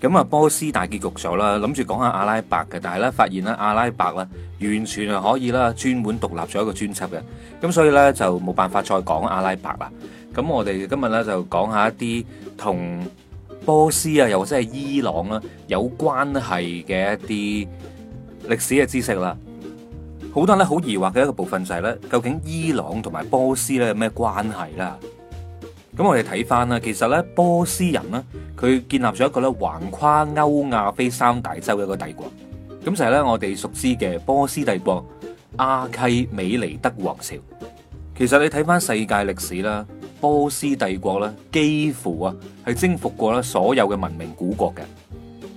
咁啊，波斯大結局咗啦，諗住講下阿拉伯嘅，但係咧發現咧阿拉伯咧完全係可以啦，專門獨立咗一個專輯嘅，咁所以咧就冇辦法再講阿拉伯啦。咁我哋今日咧就講下一啲同波斯啊，又或者係伊朗啊有關係嘅一啲歷史嘅知識啦。好多人咧好疑惑嘅一個部分就係咧，究竟伊朗同埋波斯咧有咩關係啦？咁我哋睇翻啦，其實咧波斯人呢，佢建立咗一個咧橫跨歐亞非三大洲嘅一個帝國，咁就係咧我哋熟知嘅波斯帝國阿契美尼德王朝。其實你睇翻世界歷史啦，波斯帝國咧幾乎啊係征服過咧所有嘅文明古國嘅，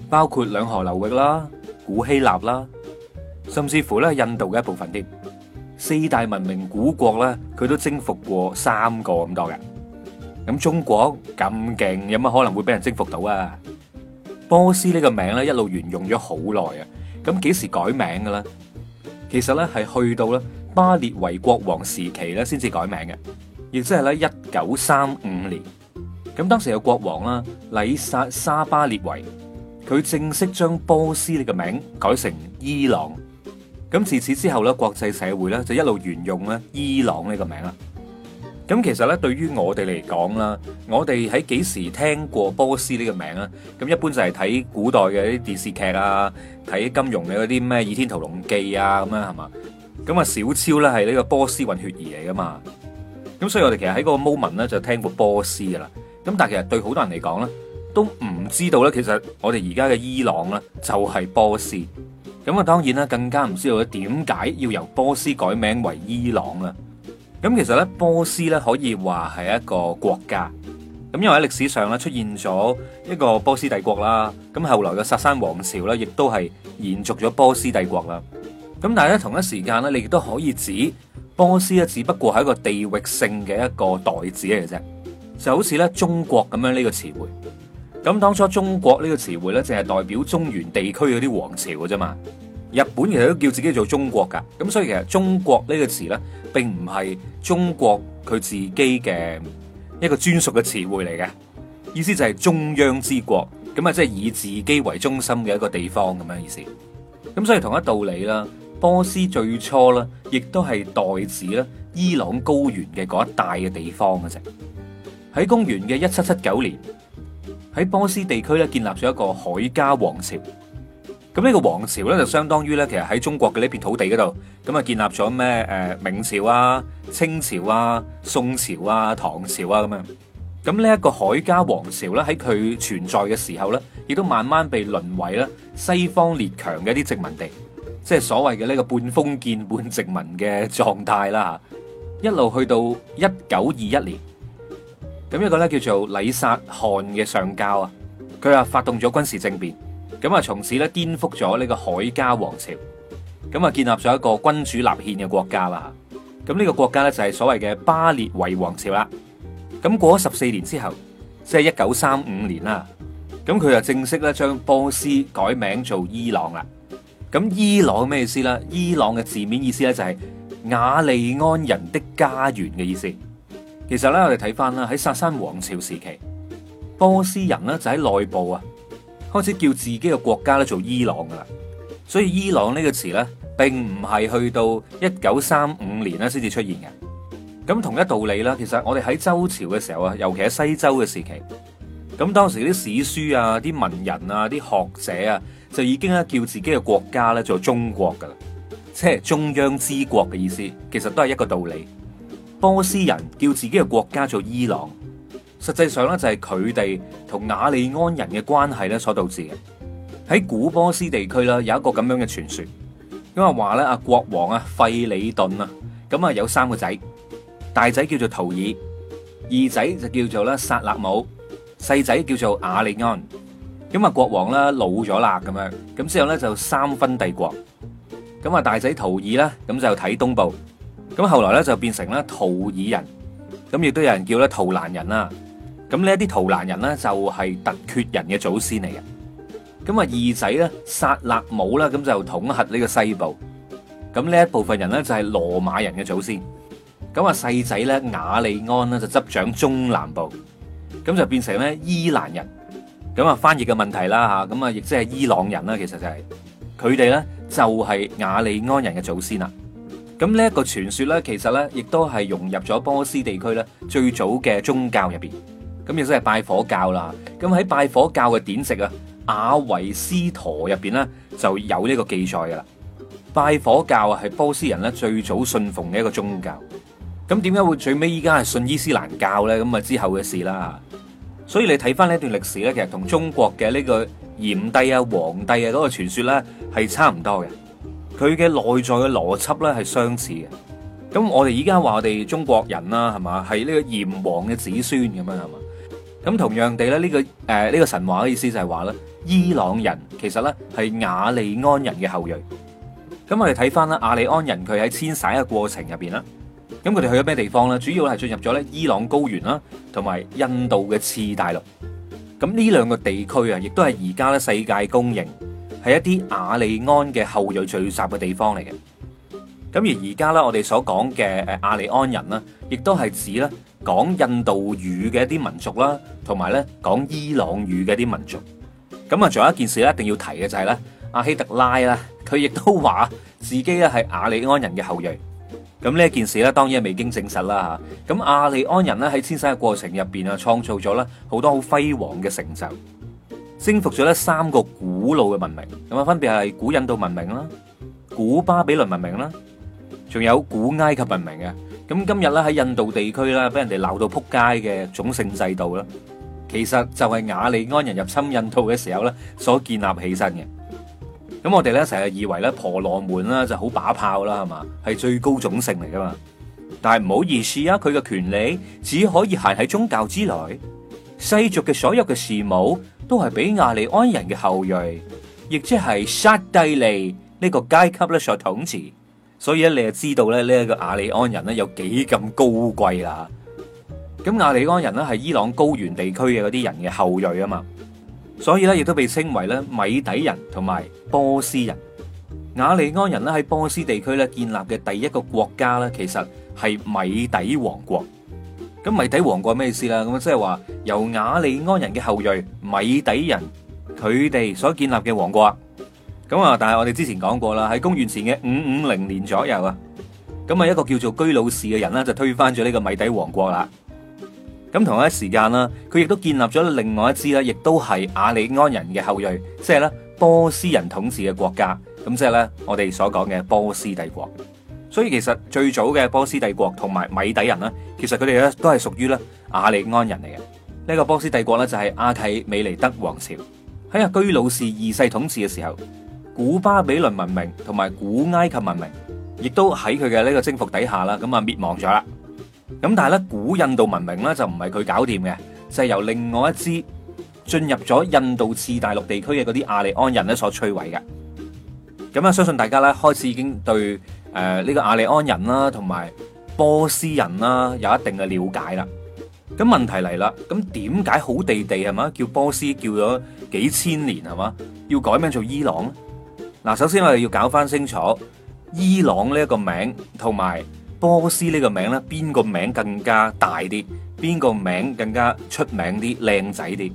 包括兩河流域啦、古希臘啦，甚至乎咧印度嘅一部分添，四大文明古國咧，佢都征服過三個咁多嘅。咁中國咁勁，有乜可能會俾人征服到啊？波斯呢個名咧，一路沿用咗好耐啊。咁幾時改名嘅咧？其實咧係去到咧巴列維國王時期咧，先至改名嘅，亦即係咧一九三五年。咁當時有國王啦，禮薩沙巴列維，佢正式將波斯呢個名改成伊朗。咁自此之後咧，國際社會咧就一路沿用咧伊朗呢個名啦。咁其實咧，對於我哋嚟講啦，我哋喺幾時聽過波斯呢個名啊？咁一般就係睇,古代嘅啲電視劇啊，睇金庸嘅嗰啲咩《倚天屠龍記》啊，咁樣係嘛？咁啊，小超咧係呢個波斯混血兒嚟噶嘛？咁所以我哋其實喺個 moment 咧就聽過波斯噶啦。咁但係其實對好多人嚟講咧，都唔知道咧，其實我哋而家嘅伊朗咧就係波斯。咁啊，當然啦，更加唔知道點解要由波斯改名為伊朗啦咁其實咧，波斯咧可以話係一個國家，咁因為喺歷史上咧出現咗一個波斯帝國啦，咁後來嘅薩珊王朝咧，亦都係延續咗波斯帝國啦。咁但係咧，同一時間咧，你亦都可以指波斯咧，只不過係一個地域性嘅一個代指嚟嘅啫，就好似咧中國咁樣呢個詞彙。咁當初中國呢個詞彙咧，淨係代表中原地區嗰啲王朝嘅啫嘛。日本其實都叫自己做中國㗎，咁所以其實中國呢個詞呢，並唔係中國佢自己嘅一個專屬嘅詞彙嚟嘅，意思就係中央之國，咁啊即係以自己為中心嘅一個地方咁樣意思。咁所以同一道理啦，波斯最初咧亦都係代指咧伊朗高原嘅嗰一帶嘅地方嘅啫。喺公元嘅一七七九年，喺波斯地區咧建立咗一個海家王朝。咁呢個王朝咧，就相當於咧，其實喺中國嘅呢片土地嗰度，咁啊建立咗咩誒明朝啊、清朝啊、宋朝啊、唐朝啊咁樣。咁呢一個海家王朝咧，喺佢存在嘅時候咧，亦都慢慢被淪為咧西方列強嘅一啲殖民地，即係所謂嘅呢個半封建半殖民嘅狀態啦。一路去到一九二一年，咁一個咧叫做禮薩汗嘅上校啊，佢啊發動咗軍事政變。咁啊，從此咧顛覆咗呢個海家王朝，咁啊建立咗一個君主立憲嘅國家啦。咁、這、呢個國家咧就係所謂嘅巴列維王朝啦。咁過咗十四年之後，即係一九三五年啦。咁佢就正式咧將波斯改名做伊朗啦。咁伊朗咩意思咧？伊朗嘅字面意思咧就係、是、雅利安人的家園嘅意思。其實咧我哋睇返啦，喺薩山王朝時期，波斯人呢，就喺內部啊。開始叫自己嘅國家咧，做伊朗噶啦，所以伊朗呢個詞呢，並唔係去到一九三五年咧先至出現嘅。咁同一道理啦，其實我哋喺周朝嘅時候啊，尤其喺西周嘅時期，咁當時啲史書啊、啲文人啊、啲學者啊，就已經咧叫自己嘅國家咧做中國噶啦，即係中央之國嘅意思，其實都係一個道理。波斯人叫自己嘅國家做伊朗。實際上咧就係佢哋同雅利安人嘅關係咧所導致嘅。喺古波斯地區咧，有一個咁樣嘅傳說，咁啊話咧阿國王啊費里頓啊，咁啊有三個仔，大仔叫做圖爾，二仔就叫做咧薩勒姆，細仔叫做雅利安。咁啊國王咧老咗啦，咁樣咁之後咧就三分帝國。咁啊大仔圖爾啦，咁就睇東部，咁後來咧就變成咧圖爾人，咁亦都有人叫咧圖蘭人啦。咁呢一啲圖蘭人咧就係突厥人嘅祖先嚟嘅，咁啊二仔咧薩勒姆啦，咁就統合呢個西部，咁呢一部分人咧就係羅馬人嘅祖先，咁啊細仔咧雅利安啦就執掌中南部，咁就變成咧伊蘭人，咁啊翻譯嘅問題啦嚇，咁啊亦即係伊朗人啦，其實就係佢哋咧就係雅利安人嘅祖先啦，咁呢一個傳說咧其實咧亦都係融入咗波斯地區咧最早嘅宗教入邊。咁亦都係拜火教啦，咁喺拜火教嘅典籍啊《阿維斯陀》入邊咧就有呢個記載噶啦。拜火教啊係波斯人咧最早信奉嘅一個宗教，咁點解會最尾依家係信伊斯蘭教咧？咁啊之後嘅事啦。所以你睇翻呢一段歷史咧，其實同中國嘅呢個炎帝啊、黃帝啊嗰個傳說咧係差唔多嘅，佢嘅內在嘅邏輯咧係相似嘅。咁我哋而家話我哋中國人啦，係嘛，係呢個炎黃嘅子孫咁樣係嘛？咁同樣地咧，呢、呢個誒呢、呃呢個神話嘅意思就係話咧，伊朗人其實咧係亞利安人嘅後裔。咁我哋睇翻啦，亞利安人佢喺遷徙嘅過程入面，啦，咁佢哋去咗咩地方咧？主要係進入咗咧伊朗高原啦，同埋印度嘅次大陸。咁呢兩個地區啊，亦都係而家咧世界公認係一啲亞利安嘅後裔聚集嘅地方嚟嘅。咁而而家咧，我哋所講嘅誒亞利安人呢，亦都係指咧，講印度語嘅一啲民族啦，同埋咧講伊朗語嘅一啲民族。咁啊，仲有一件事咧，一定要提嘅就係咧，阿希特拉啦，佢亦都話自己咧係亞利安人嘅後裔。咁呢一件事咧，當然係未經證實啦吓。咁亞利安人咧喺遷徙嘅過程入邊啊，創造咗咧好多好輝煌嘅成就，征服咗咧三個古老嘅文明，咁啊分別係古印度文明啦、古巴比倫文明啦，仲有古埃及文明嘅。咁今日咧喺印度地區咧，俾人哋鬧到撲街嘅種姓制度咧，其實就係雅利安人入侵印度嘅時候咧所建立起身嘅。咁我哋咧成日以為咧婆羅門啦就好把炮啦，係嘛？係最高種姓嚟㗎嘛？但係唔好意思啊，佢嘅權利只可以限喺宗教之內，世俗嘅所有嘅事務都係俾雅利安人嘅後裔，亦即係剎帝利呢個階級咧所統治。所以咧，你又知道咧呢一個亞利安人咧有幾咁高貴啦？咁亞利安人呢，係伊朗高原地區嘅嗰啲人嘅後裔啊嘛，所以咧亦都被稱為咧米底人同埋波斯人。亞利安人咧喺波斯地區咧建立嘅第一個國家咧，其實係米底王國。咁米底王國係咩意思啦？咁即係話由亞利安人嘅後裔米底人佢哋所建立嘅王國。咁啊！但係我哋之前講過啦，喺公元前嘅五五零年左右啊，咁啊一個叫做居魯士嘅人呢，就推翻咗呢個米底王國啦。咁同一時間啦，佢亦都建立咗另外一支咧，亦都係阿里安人嘅後裔，即係咧波斯人統治嘅國家。咁即係咧我哋所講嘅波斯帝國。所以其實最早嘅波斯帝國同埋米底人呢，其實佢哋咧都係屬於咧阿里安人嚟嘅。呢個波斯帝國呢，就係阿契美尼德王朝喺居魯士二世統治嘅時候。古巴比倫文明同埋古埃及文明，亦都喺佢嘅呢個征服底下啦，咁啊滅亡咗啦。咁但係咧，古印度文明咧就唔係佢搞掂嘅，就係由另外一支進入咗印度次大陸地區嘅嗰啲亞利安人咧所摧毀嘅。咁啊，相信大家咧開始已經對誒呢個亞利安人啦，同埋波斯人啦有一定嘅了解啦。咁問題嚟啦，咁點解好地地係嘛叫波斯叫咗幾千年係嘛，要改名做伊朗咧？嗱，首先我哋要搞翻清楚，伊朗呢一個名同埋波斯呢個名咧，邊個名更加大啲？邊個名更加出名啲、靚仔啲、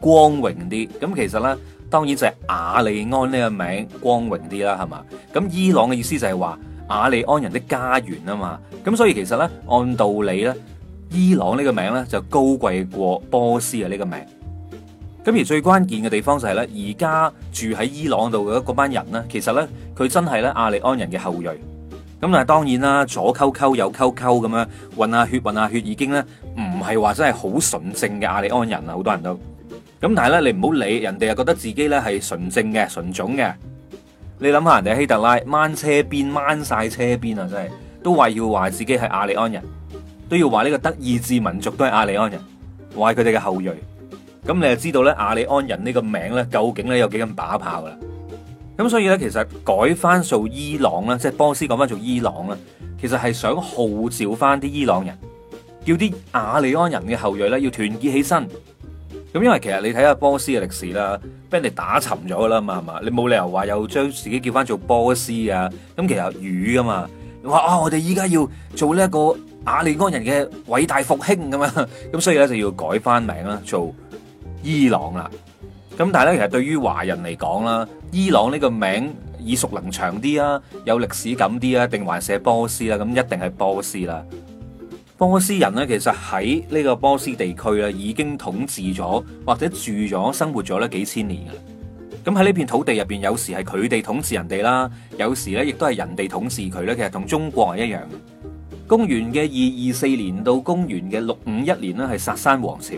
光榮啲？咁其實咧，當然就係亞利安呢個名光榮啲啦，係嘛？咁伊朗嘅意思就係話亞利安人嘅家園啊嘛，咁所以其實咧，按道理咧，伊朗呢個名咧就高貴過波斯啊呢個名。咁而最關鍵嘅地方就係咧，而家住喺伊朗度嘅嗰班人咧，其實咧佢真係咧亞利安人嘅後裔。咁但係當然啦，左溝溝右溝溝咁樣混下血混下血，已經咧唔係話真係好純正嘅亞利安人啦。好多人都，咁但係咧你唔好理人哋，覺得自己咧係純正嘅純種嘅。你諗下人哋希特拉掹車邊掹晒車邊啊，真係都話要話自己係亞利安人，都要話呢個德意志民族都係亞利安人，話係佢哋嘅後裔。咁你就知道咧，亞利安人呢個名咧，究竟咧有幾咁把炮噶啦？咁所以咧，其實改翻做伊朗啦，即係波斯講翻做伊朗啦，其實係想號召翻啲伊朗人，叫啲亞利安人嘅後裔咧，要團結起身。咁因為其實你睇下波斯嘅歷史啦，俾人哋打沉咗啦嘛，係嘛？你冇理由話又將自己叫翻做波斯啊？咁其實淤噶嘛，話啊，哦，我哋依家要做呢一個亞利安人嘅偉大復興咁嘛。咁所以咧就要改翻名啦，做。伊朗啦，咁但係咧，其實對於華人嚟講啦，伊朗呢個名耳熟能詳啲啊，有歷史感啲啊，定還寫波斯啦？咁一定係波斯啦。波斯人呢，其實喺呢個波斯地區咧，已經統治咗或者住咗生活咗咧幾千年噶啦。咁喺呢片土地入邊，有時係佢哋統治人哋啦，有時咧亦都係人哋統治佢咧。其實同中國係一樣。公元嘅二二四年到公元嘅六五一年呢，係薩珊王朝。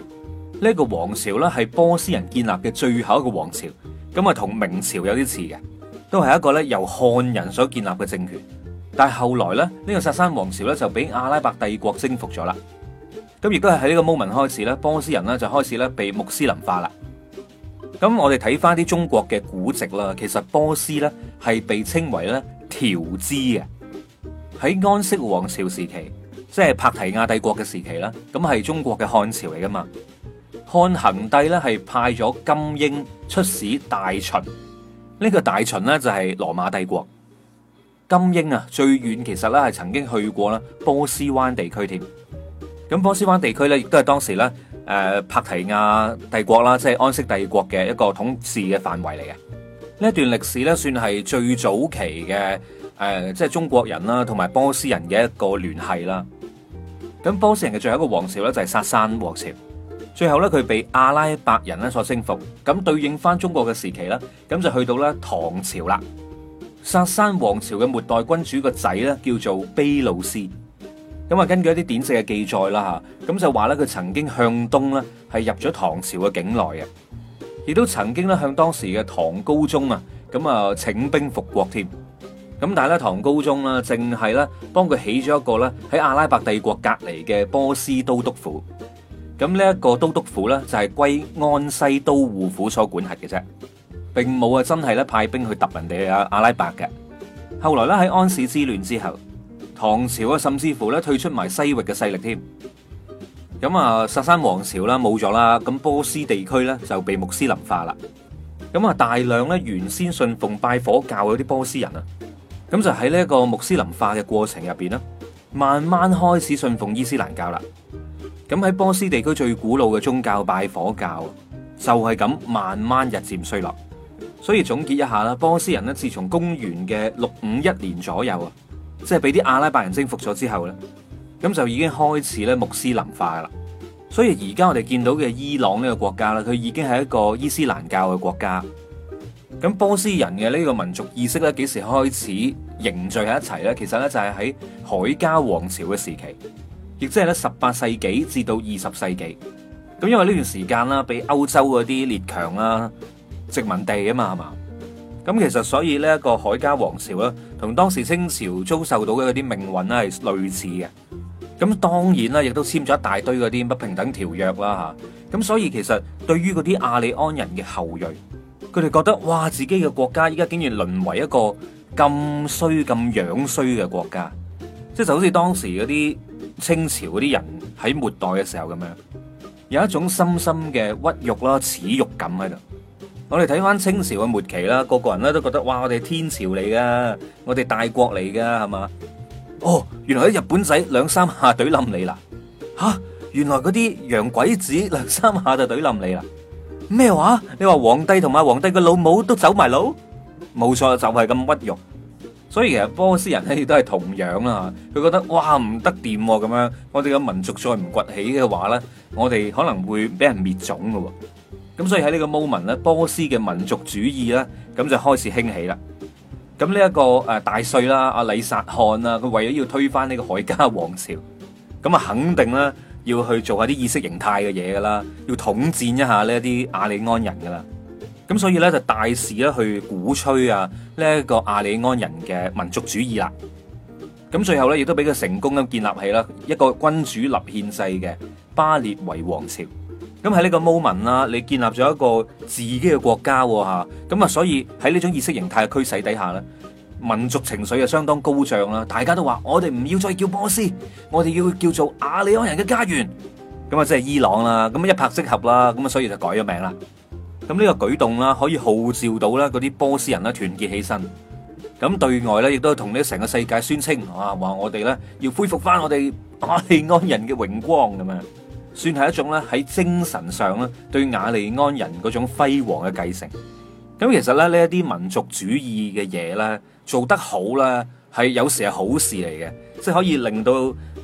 呢王朝咧係波斯人建立嘅最後一個王朝，咁啊同明朝有啲似嘅，都係一個咧由漢人所建立嘅政權，但係後來咧呢個薩珊王朝咧就俾阿拉伯帝國征服咗啦，咁亦都係喺呢個 moment 開始咧波斯人咧就開始咧被穆斯林化啦。咁我哋睇翻啲中國嘅古籍啦，其實波斯咧係被稱為咧條支嘅，喺安息王朝時期，即係帕提亞帝國嘅時期啦，咁係中國嘅漢朝嚟噶嘛。漢恒帝咧係派咗金英出使大秦，呢個大秦呢，就係羅馬帝國。金英啊，最遠其實咧係曾經去過啦波斯灣地區添。咁波斯灣地區咧亦都係當時咧誒帕提亞帝國啦，即係安息帝國嘅一個統治嘅範圍嚟嘅。呢一段歷史咧算係最早期嘅誒，即係中國人啦同埋波斯人嘅一個聯繫啦。咁波斯人嘅最後一個王朝咧就係薩珊王朝。最後咧，佢被阿拉伯人咧所征服，咁對應翻中國嘅時期啦，咁就去到咧唐朝啦。薩珊王朝嘅末代君主個仔咧，叫做卑魯斯，咁啊，根據一啲典籍嘅記載啦嚇，咁就話咧佢曾經向東咧係入咗唐朝嘅境內嘅，亦都曾經咧向當時嘅唐高宗啊，咁啊請兵復國添。咁但係咧唐高宗咧淨係咧幫佢起咗一個咧喺阿拉伯帝國隔離嘅波斯都督府。咁呢一個都督府咧，就係歸安西都護府所管轄嘅啫，並冇啊真係咧派兵去揼人哋啊阿拉伯嘅。後來咧喺安史之亂之後，唐朝啊甚至乎咧退出埋西域嘅勢力添。咁啊薩珊王朝啦冇咗啦，咁波斯地區咧就被穆斯林化啦。咁啊大量咧原先信奉拜火教嗰啲波斯人啊，咁就喺呢一個穆斯林化嘅過程入邊啦，慢慢開始信奉伊斯蘭教啦。咁喺波斯地區最古老嘅宗教拜火教，就係咁慢慢日漸衰落。所以總結一下啦，波斯人呢，自從公元嘅六五一年左右啊，即係俾啲阿拉伯人征服咗之後咧，咁就已經開始咧穆斯林化啦。所以而家我哋見到嘅伊朗呢個國家啦，佢已經係一個伊斯蘭教嘅國家。咁波斯人嘅呢個民族意識咧，幾時開始凝聚喺一齊咧？其實咧就係喺海加王朝嘅時期。亦即係咧，十八世紀至到二十世紀咁，因為呢段時間啦，俾歐洲嗰啲列強啦殖民地啊嘛，係嘛咁。其實所以呢一個海家王朝啦，同當時清朝遭受到嘅嗰啲命運咧係類似嘅。咁當然啦，亦都簽咗一大堆嗰啲不平等條約啦，吓咁。所以其實對於嗰啲亞利安人嘅後裔，佢哋覺得哇，自己嘅國家依家竟然淪為一個咁衰、咁樣衰嘅國家，即係就好似當時嗰啲。清朝嗰啲人喺末代嘅時候咁樣，有一種深深嘅屈辱啦、恥辱感喺度。我哋睇翻清朝嘅末期啦，個個人咧都覺得，哇，我哋天朝嚟噶，我哋大國嚟噶，係嘛？哦，原來喺日本仔兩三下懟冧你啦！吓、啊，原來嗰啲洋鬼子兩三下就懟冧你啦！咩話？你話皇帝同埋皇帝嘅老母都走埋佬？冇錯，就係、是、咁屈辱。所以其實波斯人咧亦都係同樣啦，佢覺得，哇，唔得掂咁樣，我哋嘅民族再唔崛起嘅話咧，我哋可能會俾人滅種噶喎。咁所以喺呢個 moment 咧，波斯嘅民族主義咧，咁就開始興起啦。咁呢一個大帥啦，阿、啊、里薩汗啦，佢為咗要推翻呢個海家王朝，咁啊肯定啦要去做下啲意識形態嘅嘢噶啦，要統戰一下呢一啲亞利安人噶啦。咁所以咧就大肆咧去鼓吹啊呢一個阿里安人嘅民族主義啦，咁最後咧亦都俾佢成功咁建立起啦一個君主立憲制嘅巴列維王朝。咁喺呢個 moment 啦，你建立咗一個自己嘅國家吓，咁啊所以喺呢種意識形態嘅驅使底下咧，民族情緒啊相當高漲啦，大家都話我哋唔要再叫波斯，我哋要叫做阿里安人嘅家園。咁啊即係伊朗啦，咁一拍即合啦，咁啊所以就改咗名啦。咁呢個舉動啦，可以號召到咧嗰啲波斯人啦團結起身。咁對外咧，亦都同呢成個世界宣稱啊，話我哋咧要恢復翻我哋亞利安人嘅榮光咁樣，算係一種咧喺精神上咧對亞利安人嗰種輝煌嘅繼承。咁其實咧呢一啲民族主義嘅嘢咧做得好啦，係有時係好事嚟嘅，即係可以令到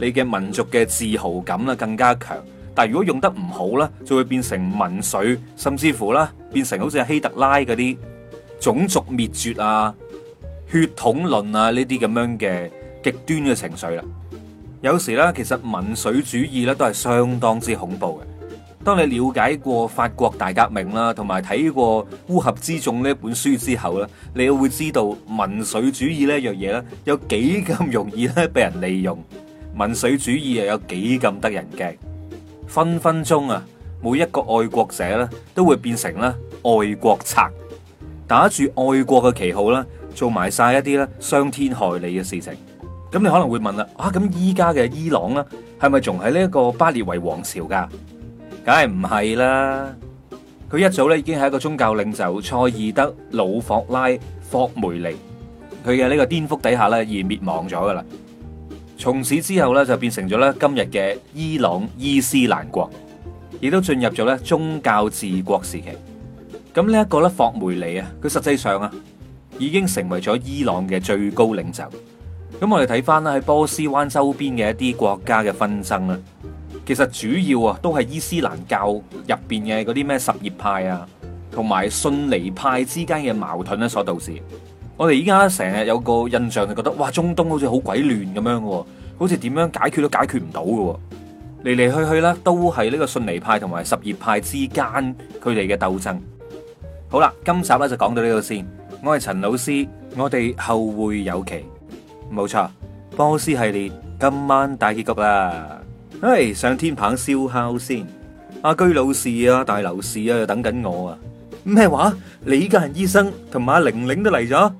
你嘅民族嘅自豪感啦更加強。但係如果用得唔好咧，就會變成民粹，甚至乎咧變成好似希特拉嗰啲種族滅絕啊、血統論啊呢啲咁樣嘅極端嘅情緒啦。有時咧，其實民粹主義咧都係相當之恐怖嘅。當你了解過法國大革命啦，同埋睇過《烏合之眾》呢本書之後咧，你會知道民粹主義呢樣嘢咧有幾咁容易咧俾人利用，民粹主義又有幾咁得人驚。分分鐘啊，每一個愛國者咧都會變成咧愛國賊，打住愛國嘅旗號啦，做埋晒一啲咧傷天害理嘅事情。咁你可能會問啦，啊咁依家嘅伊朗咧，係咪仲喺呢一個巴列維王朝噶？梗係，唔係啦，佢一早咧已經係一個宗教領袖塞義德魯霍拉霍梅尼佢嘅呢個顛覆底下咧而滅亡咗噶啦。從此之後咧，就變成咗咧今日嘅伊朗伊斯蘭國，亦都進入咗咧宗教治國時期。咁呢一個咧霍梅尼啊，佢實際上啊已經成為咗伊朗嘅最高領袖。咁我哋睇翻咧喺波斯灣周邊嘅一啲國家嘅紛爭啦，其實主要啊都係伊斯蘭教入邊嘅嗰啲咩什葉派啊，同埋遜尼派之間嘅矛盾咧所導致。我哋依家成日有個印象就覺得，哇，中東好似好鬼亂咁樣，哦，好似點樣解決都解決唔到嘅，嚟嚟去去啦，都係呢個遜尼派同埋什葉派之間佢哋嘅鬥爭。好啦，今集咧就講到呢度先。我係陳老師，我哋後會有期。冇錯，波斯系列今晚大結局啦！唉，上天棚燒烤先，阿居老士啊，大樓市啊，又等緊我啊，咩話？你家人醫生同埋阿玲玲都嚟咗。